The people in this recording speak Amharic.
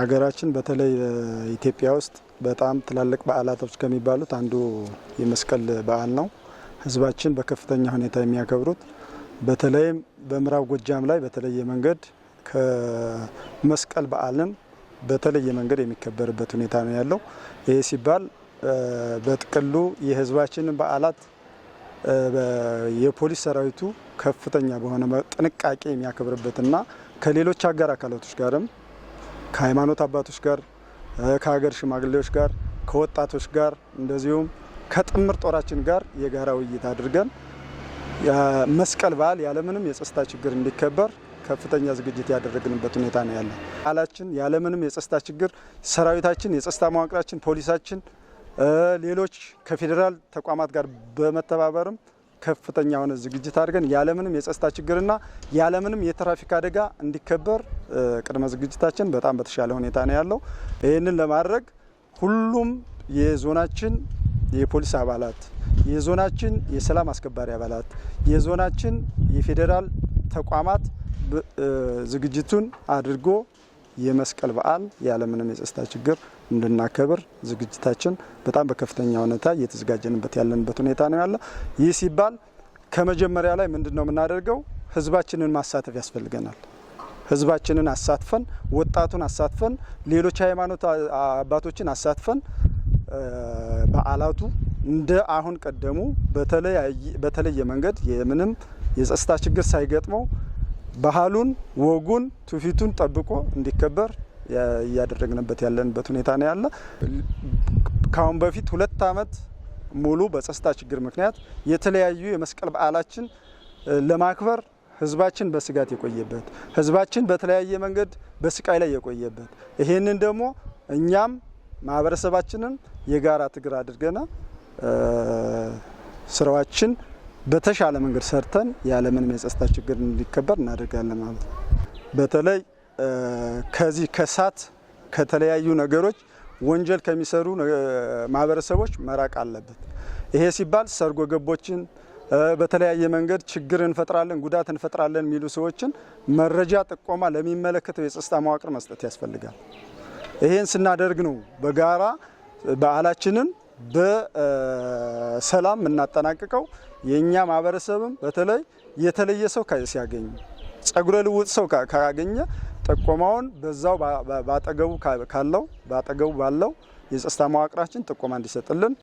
ሀገራችን በተለይ ኢትዮጵያ ውስጥ በጣም ትላልቅ በዓላቶች ከሚባሉት አንዱ የመስቀል በዓል ነው። ህዝባችን በከፍተኛ ሁኔታ የሚያከብሩት በተለይም በምዕራብ ጎጃም ላይ በተለየ መንገድ ከመስቀል በዓልን በተለየ መንገድ የሚከበርበት ሁኔታ ነው ያለው። ይህ ሲባል በጥቅሉ የህዝባችንን በዓላት የፖሊስ ሰራዊቱ ከፍተኛ በሆነ ጥንቃቄ የሚያከብርበትና ከሌሎች አጋር አካላቶች ጋርም ከሃይማኖት አባቶች ጋር፣ ከሀገር ሽማግሌዎች ጋር፣ ከወጣቶች ጋር እንደዚሁም ከጥምር ጦራችን ጋር የጋራ ውይይት አድርገን መስቀል በዓል ያለምንም የጸጥታ ችግር እንዲከበር ከፍተኛ ዝግጅት ያደረግንበት ሁኔታ ነው ያለ። በዓላችን ያለምንም የጸጥታ ችግር ሰራዊታችን፣ የጸጥታ መዋቅራችን፣ ፖሊሳችን፣ ሌሎች ከፌዴራል ተቋማት ጋር በመተባበርም ከፍተኛ የሆነ ዝግጅት አድርገን ያለምንም የጸጥታ ችግርና ያለምንም የትራፊክ አደጋ እንዲከበር ቅድመ ዝግጅታችን በጣም በተሻለ ሁኔታ ነው ያለው። ይህንን ለማድረግ ሁሉም የዞናችን የፖሊስ አባላት፣ የዞናችን የሰላም አስከባሪ አባላት፣ የዞናችን የፌዴራል ተቋማት ዝግጅቱን አድርጎ የመስቀል በዓል ያለምንም የጸጥታ ችግር እንድናከብር ዝግጅታችን በጣም በከፍተኛ ሁኔታ እየተዘጋጀንበት ያለንበት ሁኔታ ነው ያለ። ይህ ሲባል ከመጀመሪያ ላይ ምንድን ነው የምናደርገው? ህዝባችንን ማሳተፍ ያስፈልገናል። ህዝባችንን አሳትፈን፣ ወጣቱን አሳትፈን፣ ሌሎች ሃይማኖት አባቶችን አሳትፈን በዓላቱ እንደ አሁን ቀደሙ በተለየ መንገድ የምንም የጸጥታ ችግር ሳይገጥመው ባህሉን፣ ወጉን፣ ትውፊቱን ጠብቆ እንዲከበር እያደረግንበት ያለንበት ሁኔታ ነው ያለ። ከአሁን በፊት ሁለት አመት ሙሉ በጸጥታ ችግር ምክንያት የተለያዩ የመስቀል በዓላችን ለማክበር ህዝባችን በስጋት የቆየበት ህዝባችን በተለያየ መንገድ በስቃይ ላይ የቆየበት ይህንን ደግሞ እኛም ማህበረሰባችንም የጋራ ትግር አድርገና ስራዎችን በተሻለ መንገድ ሰርተን ያለምንም የጸጥታ ችግር እንዲከበር እናደርጋለን ማለት ነው። በተለይ ከዚህ ከእሳት ከተለያዩ ነገሮች ወንጀል ከሚሰሩ ማህበረሰቦች መራቅ አለበት። ይሄ ሲባል ሰርጎ ገቦችን በተለያየ መንገድ ችግር እንፈጥራለን፣ ጉዳት እንፈጥራለን የሚሉ ሰዎችን መረጃ ጥቆማ ለሚመለከተው የጸጥታ መዋቅር መስጠት ያስፈልጋል። ይሄን ስናደርግ ነው በጋራ በዓላችንን በሰላም የምናጠናቅቀው። የእኛ ማህበረሰብም በተለይ የተለየ ሰው ሲያገኝ ጸጉረ ልውጥ ሰው ካገኘ ጥቆማውን በዛው ባጠገቡ ካለው ባጠገቡ ባለው የጸጥታ መዋቅራችን ጥቆማ እንዲሰጥልን